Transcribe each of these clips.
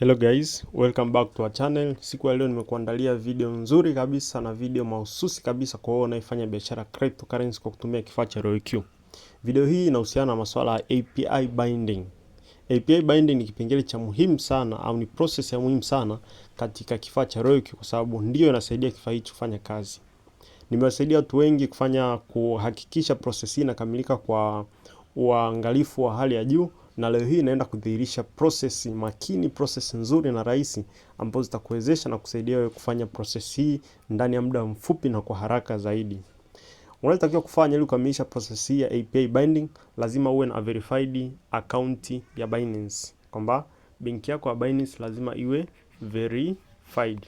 Hello guys, welcome back to our channel. Siku ya leo nimekuandalia video nzuri kabisa na video mahususi kabisa kwa wewe unayefanya biashara cryptocurrency kwa kutumia kifaa cha ROQ. Video hii inahusiana na masuala ya API binding. API binding ni kipengele cha muhimu sana au ni process ya muhimu sana katika kifaa cha ROQ kwa sababu ndiyo inasaidia kifaa hicho kufanya kazi. Nimewasaidia watu wengi kufanya kuhakikisha process hii inakamilika kwa uangalifu wa hali ya juu na leo hii inaenda kudhihirisha prosesi makini, prosesi nzuri na rahisi ambazo zitakuwezesha na kusaidia wewe kufanya prosesi hii ndani ya muda mfupi na kwa haraka zaidi. Unachotakiwa kufanya ili kukamilisha prosesi hii ya API binding, lazima uwe na verified account ya Binance, kwamba benki yako ya Binance lazima iwe verified.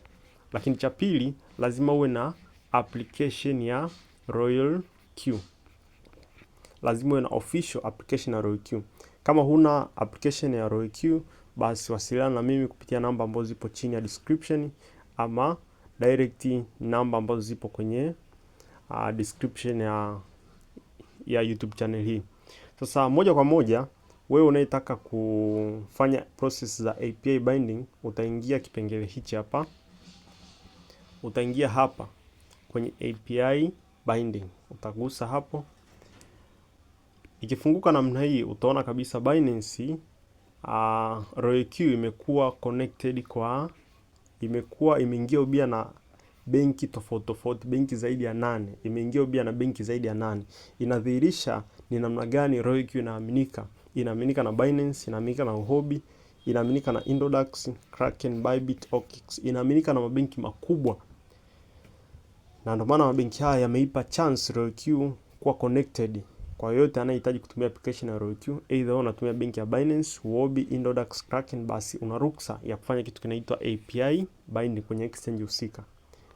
Lakini cha pili, lazima uwe na application ya Royal Q, lazima uwe na official application ya Royal Q. Kama huna application ya RoyQ, basi wasiliana na mimi kupitia namba ambazo zipo chini ya description ama direct namba ambazo zipo kwenye uh, description ya ya YouTube channel hii. Sasa moja kwa moja wewe unayetaka kufanya process za API binding utaingia kipengele hichi hapa, utaingia hapa kwenye API binding, utagusa hapo Ikifunguka namna hii utaona kabisa Binance uh, ah, RoyalQ imekuwa connected kwa imekuwa imeingia ubia na benki tofauti tofauti, benki zaidi ya nane imeingia ubia na benki zaidi ya nane. Inadhihirisha ni namna gani RoyalQ inaaminika, inaaminika na Binance, inaaminika na Huobi, inaaminika na Indodax, Kraken, Bybit, OKX, inaaminika na mabenki makubwa, na ndio maana mabenki haya yameipa chance RoyalQ kuwa connected kwa yoyote anayehitaji kutumia application ya ROQ, either unatumia benki ya Binance, Huobi, Indodax, Kraken, basi una ruksa ya kufanya kitu kinaitwa API bind kwenye exchange husika.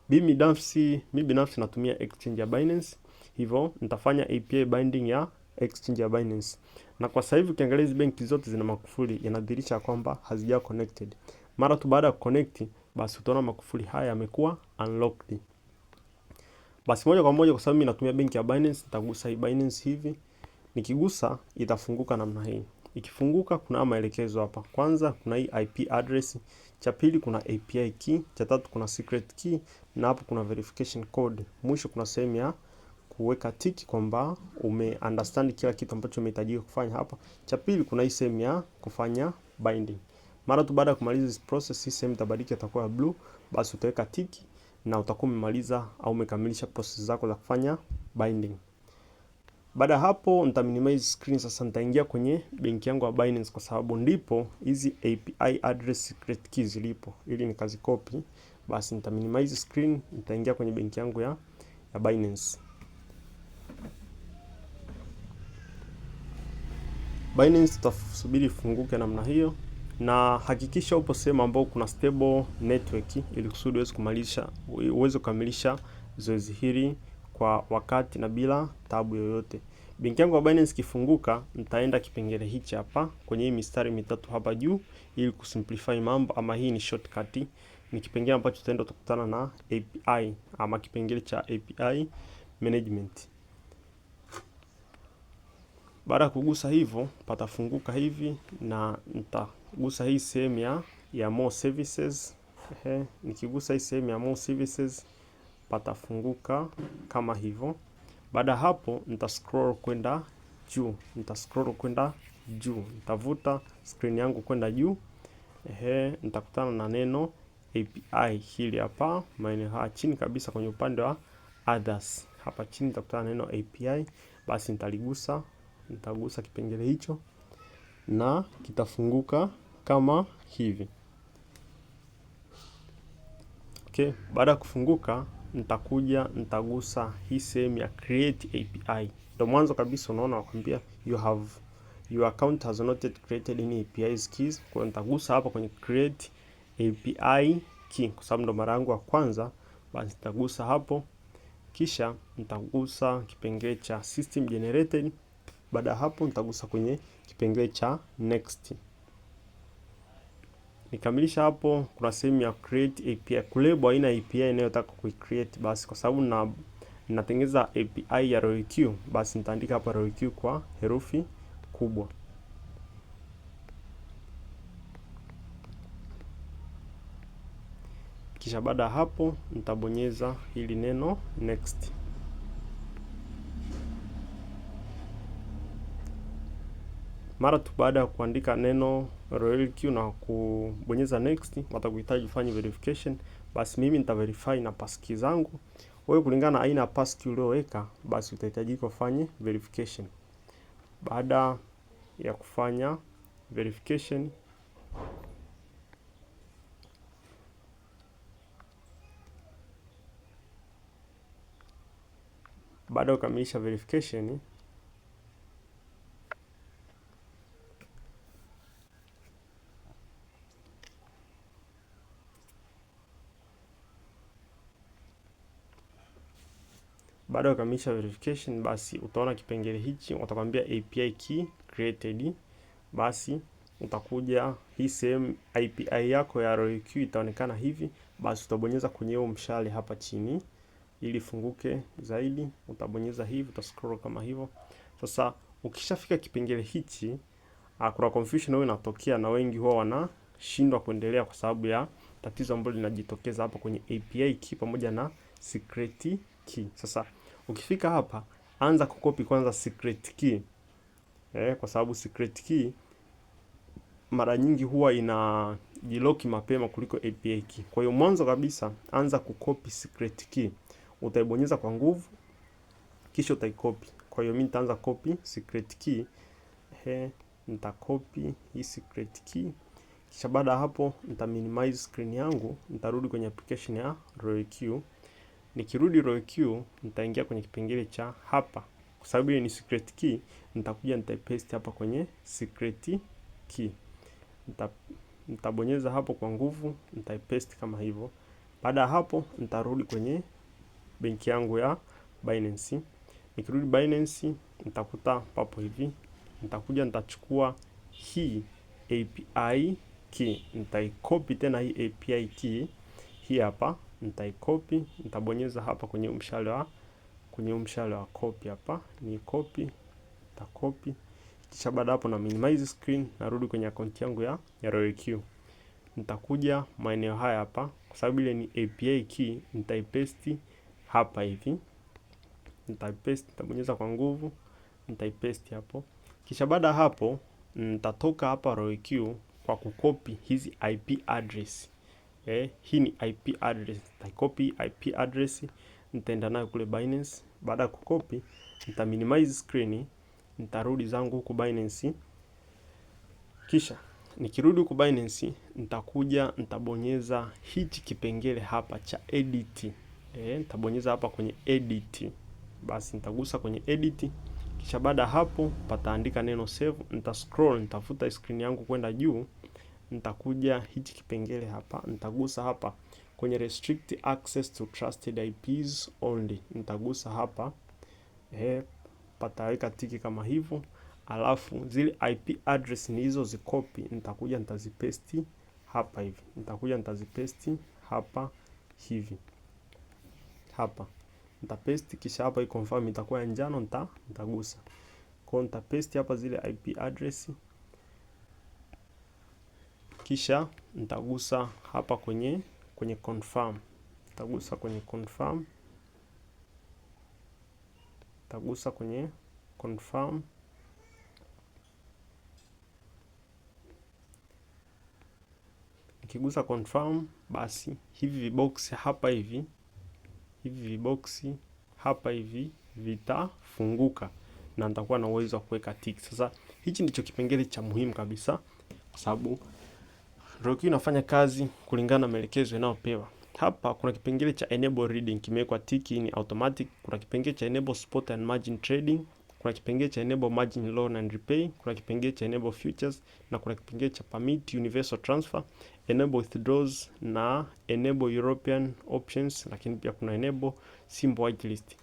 Mimi binafsi mimi binafsi natumia exchange ya Binance, hivyo nitafanya API binding ya exchange ya Binance. Na kwa sasa hivi ukiangalia hizi benki zote zina makufuli yanadhihirisha kwamba hazija connected. Mara tu baada ya connect, basi utaona makufuli haya yamekuwa unlocked. Basi moja kwa moja, kwa sababu mimi natumia benki ya Binance, nitagusa hii Binance hivi. Nikigusa itafunguka namna hii. Ikifunguka kuna maelekezo hapa. Kwanza kuna hii IP address, cha pili kuna API key, cha tatu kuna secret key na hapo kuna verification code. Mwisho kuna sehemu ya kuweka tick kwamba ume understand kila kitu ambacho umehitajika kufanya hapa. Cha pili kuna hii sehemu ya kufanya binding. Mara tu baada ya kumaliza this process, hii sehemu itabadilika itakuwa blue, basi utaweka tick na utakuwa umemaliza au umekamilisha process zako za kufanya binding. Baada hapo nita minimize screen sasa, nitaingia kwenye benki yangu ya Binance kwa sababu ndipo hizi API address secret keys zilipo, ili copy. Basi nita minimize screen, nitaingia kwenye benki yangu ya, ya Binance. Binance tutasubiri ifunguke namna hiyo na hakikisha upo sehemu ambao kuna stable network ili kusudi uweze kumalisha uweze kukamilisha zoezi hili kwa wakati na bila tabu yoyote. Benki yangu ya Binance kifunguka, mtaenda kipengele hichi hapa kwenye hii mistari mitatu hapa juu ili kusimplify mambo, ama hii ni shortcut. Ni kipengele ambacho tutaenda tukutana na API ama kipengele cha API management. Baada ya kugusa hivyo, patafunguka hivi na nita gusa hii sehemu ya ya more services ehe, nikigusa hii sehemu ya more services patafunguka kama hivyo. Baada hapo nita scroll kwenda juu, nita scroll kwenda juu, nitavuta screen yangu kwenda juu ehe, nitakutana na neno API hili hapa maeneo chini kabisa kwenye upande wa others, hapa chini nitakutana na neno API, basi nitaligusa, nitagusa kipengele hicho na kitafunguka kama hivi. Okay, baada ya kufunguka nitakuja nitagusa hii sehemu ya create API. Ndio mwanzo kabisa, unaona nakwambia you have your account has not yet created any API keys. Kwa nitagusa hapa kwenye create API key kwa sababu ndo mara yangu ya kwanza, basi nitagusa hapo, kisha nitagusa kipengele cha system generated. Baada hapo nitagusa kwenye kipengele cha next. Nikamilisha hapo, kuna sehemu ya create API, kulebo aina API inayotaka create. Basi kwa sababu na natengeza API ya ROQ, basi nitaandika hapa ROQ kwa herufi kubwa. Kisha baada ya hapo nitabonyeza hili neno next. Mara tu baada ya kuandika neno Q na kubonyeza next, watakuhitaji ufanye verification. Basi mimi nita verify na passkey zangu. Wewe kulingana na aina ya passkey ulioweka, basi utahitajika ufanye verification. Baada ya kufanya verification baada ya kukamilisha verification Baada ya kukamilisha verification, basi utaona kipengele hichi, watakwambia API key created. Basi utakuja hii sehemu API yako ya ROQ itaonekana hivi, basi utabonyeza kwenye huo mshale hapa chini ili funguke zaidi. Utabonyeza hivi, utascroll kama hivyo. Sasa ukishafika kipengele hichi, ah, kuna confusion huwa inatokea na wengi huwa wanashindwa kuendelea kwa sababu ya tatizo ambalo linajitokeza hapa kwenye API key pamoja na secret key. Sasa Ukifika hapa, anza kukopi kwanza secret key eh, kwa sababu secret key mara nyingi huwa ina jiloki mapema kuliko API key. Kwa hiyo mwanzo kabisa anza kukopi secret key, utaibonyeza kwa nguvu, kisha utaikopi. Kwa hiyo mimi nitaanza copy secret key eh, nitakopi hii secret key, kisha baada ya hapo nita minimize screen yangu, nitarudi kwenye application ya RoyQ. Nikirudi row Q nitaingia kwenye kipengele cha hapa, kwa sababu hii ni secret key. Nitakuja nitaipaste hapa kwenye secret key, nitabonyeza hapo kwa nguvu, nitaipaste kama hivyo. Baada ya hapo, nitarudi kwenye benki yangu ya Binance. Nikirudi Binance nitakuta papo hivi, nitakuja nitachukua hii API key, nitaikopi tena hii API key hii hapa nitaikopi, nitabonyeza hapa kwenye mshale wa kwenye mshale wa copy hapa, ni copy, nitakopi. Kisha baada hapo na minimize screen, narudi kwenye account yangu ya ya Royal Q. Nitakuja maeneo haya hapa, kwa sababu ile ni API key, nitaipaste hapa hivi. Nitaipaste, nitabonyeza kwa nguvu, nitaipaste hapo. Kisha baada hapo nitatoka hapa Royal Q kwa kukopi hizi IP address eh, hii ni IP address. Nitaikopi IP address nitaenda nayo kule Binance. Baada ya kukopi, nita minimize screen, nitarudi zangu huku Binance, kisha nikirudi huku Binance nitakuja nitabonyeza hichi kipengele hapa cha edit eh, nitabonyeza hapa kwenye edit. Basi nitagusa kwenye edit, kisha baada hapo pataandika neno save. Nita scroll, nitafuta screen yangu kwenda juu nitakuja hichi kipengele hapa, nitagusa hapa kwenye restrict access to trusted IPs only, nitagusa hapa eh, pataweka tiki kama hivyo, alafu zile IP address ni hizo zikopi nitakuja nitazipesti hapa hivi, nitakuja nitazipesti hapa hivi hapa nitapesti, kisha hapa i confirm itakuwa ya njano, nitagusa kwao, nitapesti hapa zile IP address kisha nitagusa hapa kwenye kwenye confirm, nitagusa kwenye confirm, nitagusa kwenye confirm. Nikigusa confirm, basi hivi viboksi hapa hivi hivi viboksi hapa hivi vitafunguka na nitakuwa na uwezo wa kuweka tick. Sasa hichi ndicho kipengele cha muhimu kabisa, kwa sababu ROQ inafanya kazi kulingana na maelekezo yanayopewa. Hapa kuna kipengele cha enable reading kimewekwa tiki ni automatic, kuna kipengele cha enable spot and margin trading, kuna kipengele cha enable margin loan and repay, kuna kipengele cha enable futures na kuna kipengele cha permit universal transfer, enable withdrawals na enable European options, lakini pia kuna enable simple whitelist.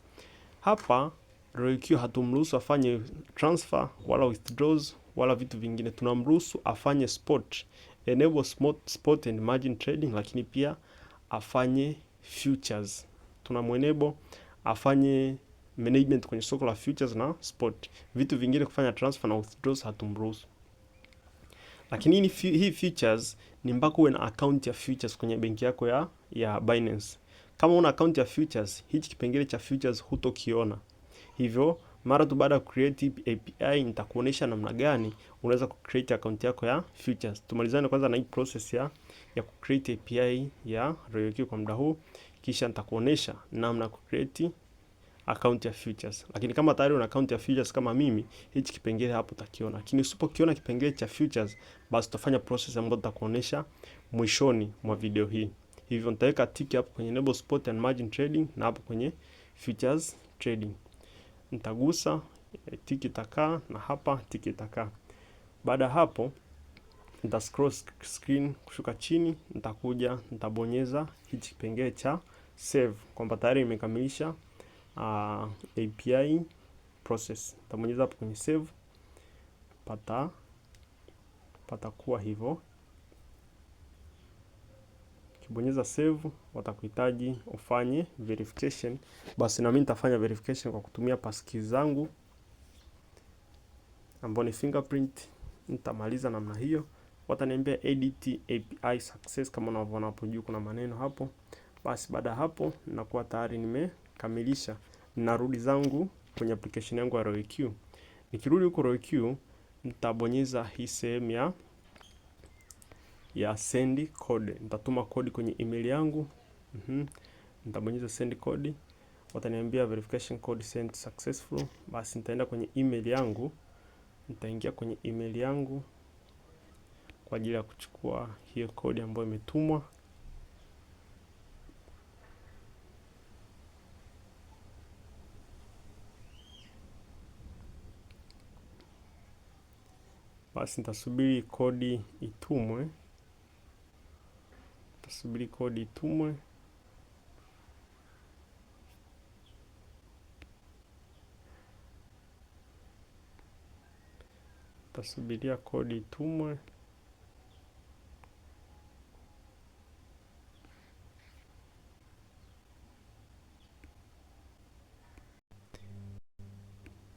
Hapa ROQ hatumruhusu afanye transfer wala withdrawals wala vitu vingine, tunamruhusu afanye spot enable spot, spot and margin trading, lakini pia afanye futures. Tuna mwenebo afanye management kwenye soko la futures na spot. Vitu vingine kufanya transfer na withdraws hatumruhusu. Lakini hii futures ni mpaka uwe na account ya futures kwenye benki yako ya ya Binance. Kama una account ya futures, hichi kipengele cha futures hutokiona. Hivyo mara tu baada ya create API nitakuonesha namna gani unaweza ku create account yako ya futures. Tumalizane kwanza na hii process ya ya ku create API ya RayoQ kwa muda huu, kisha nitakuonesha namna ya create account ya futures. Lakini kama tayari una account ya futures kama mimi, hichi kipengele hapo utakiona. Lakini usipokiona kipengele cha futures, basi tutafanya process ambayo nitakuonesha mwishoni mwa video hii. Hivyo nitaweka tick hapo kwenye enable spot and margin trading na hapo kwenye futures trading nitagusa tiki taka na hapa tiki taka. Baada ya hapo nita scroll screen kushuka chini, nitakuja nitabonyeza hichi kipengele cha save kwamba tayari imekamilisha uh, ah, API process. Nitabonyeza hapo kwenye save, pata patakuwa hivyo. Ukibonyeza save watakuhitaji ufanye verification, basi na mimi nitafanya verification kwa kutumia passkey zangu ambao ni fingerprint. Nitamaliza namna hiyo, wataniambia edit API success, kama unavyoona hapo juu kuna maneno hapo. Basi baada ya hapo ninakuwa tayari nimekamilisha, narudi zangu kwenye application yangu ya ROQ. Nikirudi huko ROQ nitabonyeza hii sehemu ya ya send code. Nitatuma code kwenye email yangu. Mhm. Mm, nitabonyeza send code. Wataniambia verification code sent successful. Basi nitaenda kwenye email yangu. Nitaingia kwenye email yangu kwa ajili ya kuchukua hiyo kodi ambayo imetumwa. Basi nitasubiri kodi itumwe. Tusubiri kodi itumwe. Tasubiria kodi itumwe.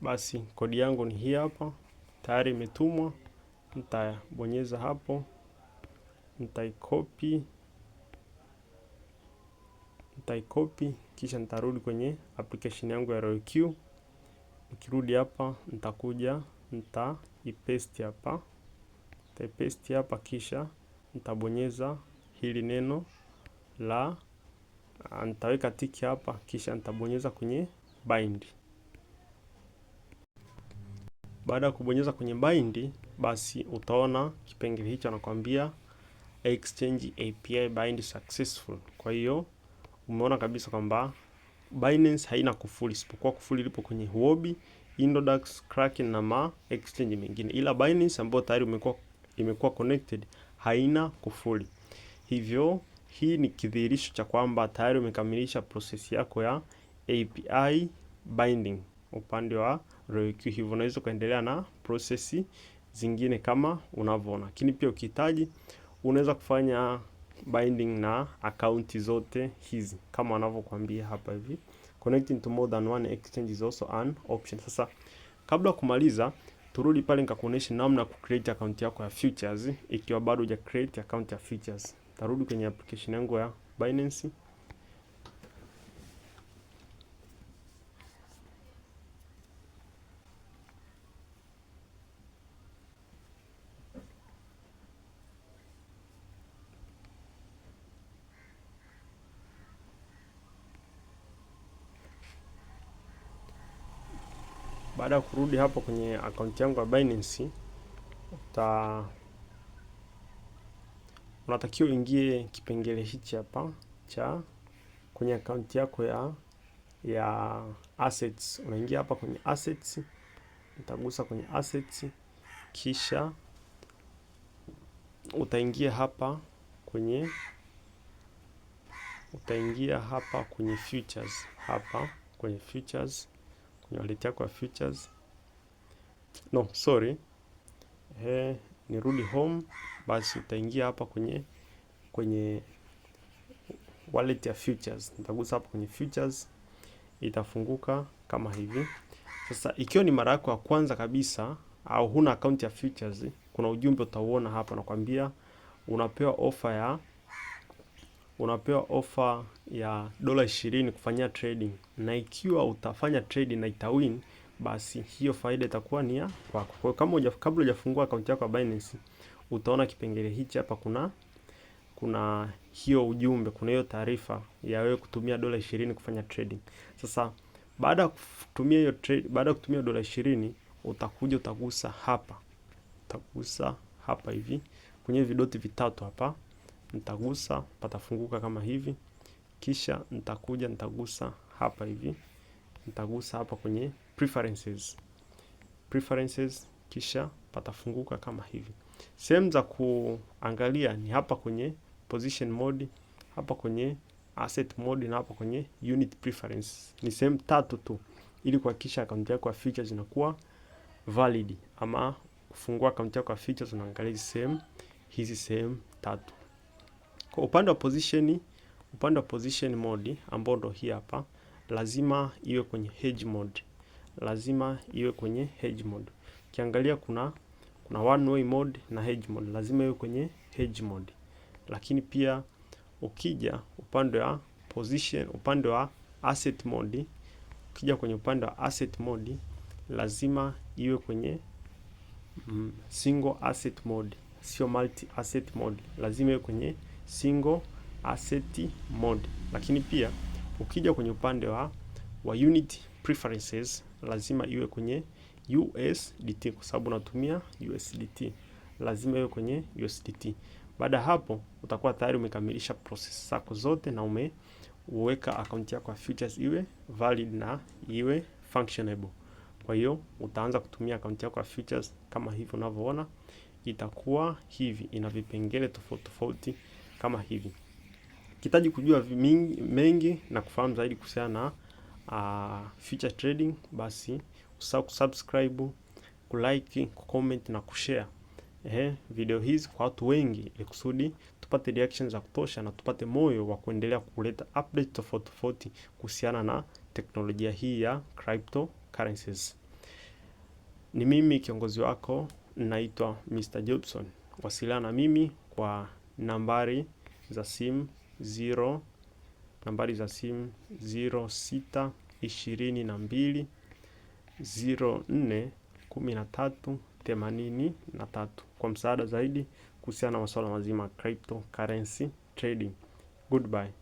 Basi kodi yangu ni hii hapa, tayari imetumwa. Nitabonyeza hapo, nitaikopi nitaikopi kisha nitarudi kwenye application yangu ya ROQ. Nikirudi hapa nitakuja nitaipaste hapa, nitaipaste hapa kisha nitabonyeza hili neno la ah, nitaweka tiki hapa kisha nitabonyeza kwenye bind. Baada ya kubonyeza kwenye bind, basi utaona kipengele hicho anakuambia exchange API bind successful. Kwa hiyo umeona kabisa kwamba Binance haina kufuli, isipokuwa kufuli lipo kwenye Huobi, Indodax, Kraken na ma exchange mengine, ila Binance ambayo tayari umekuwa imekuwa connected haina kufuli. Hivyo hii ni kidhihirisho cha kwamba tayari umekamilisha prosesi yako ya API binding upande wa ROQ, hivyo unaweza ukaendelea na prosesi zingine kama unavyoona, lakini pia ukihitaji unaweza kufanya binding na akaunti zote hizi kama wanavyokuambia hapa hivi. Connecting to more than one exchange is also an option. Sasa kabla kumaliza, turudi pale nikakuonesha namna ya create account yako ya futures ikiwa bado hujacreate account ya futures. Tarudi kwenye application yangu ya Binance. Baada ya kurudi hapo kwenye akaunti yangu ya Binance, uta unatakiwa uingie kipengele hichi hapa cha kwenye akaunti yako ya ya assets. Unaingia hapa kwenye assets, utagusa kwenye assets, kisha utaingia hapa kwenye utaingia hapa kwenye futures, hapa kwenye futures niwaletea kwa features. No, sorry. He, eh, nirudi home, basi utaingia hapa kwenye kwenye wallet ya futures. Nitagusa hapa kwenye futures, itafunguka kama hivi. Sasa ikiwa ni mara yako ya kwanza kabisa au huna akaunti ya futures, kuna ujumbe utauona hapa, nakwambia unapewa offer ya unapewa ofa ya dola ishirini kufanyia trading, na ikiwa utafanya trade na itawin, basi hiyo faida itakuwa ni ya kwako. Kwa hiyo kama uja, kabla hujafungua akaunti yako ya Binance utaona kipengele hichi hapa, kuna kuna hiyo ujumbe, kuna hiyo taarifa ya wewe kutumia dola ishirini kufanya trading. Sasa baada ya kutumia hiyo trade, baada ya kutumia dola ishirini utakuja utagusa hapa, utagusa hapa hivi kwenye vidoti vitatu hapa nitagusa patafunguka kama hivi, kisha nitakuja nitagusa hapa hivi, nitagusa hapa kwenye preferences, preferences, kisha patafunguka kama hivi. Sehemu za kuangalia ni hapa kwenye position mode, hapa kwenye asset mode na hapa kwenye unit preference. Ni sehemu tatu tu, ili kuhakikisha akaunti yako ya features inakuwa valid ama kufungua akaunti yako ya features, unaangalia sehemu hizi, sehemu tatu. Kwa upande wa position, upande wa position mode ambao ndo hii hapa, lazima iwe kwenye hedge mode. Lazima iwe kwenye hedge mode. Ukiangalia kuna kuna one way mode na hedge mode. Lazima iwe kwenye hedge mode. Lakini pia ukija upande wa position, upande wa asset mode, ukija kwenye upande wa asset mode, lazima iwe kwenye mm, single asset mode, sio multi asset mode. Lazima iwe kwenye single asset mode. Lakini pia ukija kwenye upande wa, wa unit preferences lazima iwe kwenye USDT kwa sababu unatumia USDT, lazima iwe kwenye USDT. Baada ya hapo utakuwa tayari umekamilisha process zako zote na umeweka akaunti yako ya futures iwe valid na iwe functionable. Kwa hiyo utaanza kutumia akaunti yako ya futures kama hivi unavyoona, itakuwa hivi, ina vipengele tofauti tofauti kama hivi. Ukihitaji kujua mingi, mengi na kufahamu zaidi kuhusiana na uh, future trading, basi usahau kusubscribe, kulike, kucomment na kushare eh, video hizi kwa watu wengi, ili kusudi tupate reaction za kutosha na tupate moyo wa kuendelea kuleta update tofauti tofauti kuhusiana na teknolojia hii ya cryptocurrencies. Ni mimi kiongozi wako, naitwa Mr. Jobson. Wasiliana na mimi kwa nambari za simu 0 nambari za simu sita ishirini na mbili 04 13 themanini na tatu kwa msaada zaidi kuhusiana na masuala mazima crypto currency trading. Goodbye.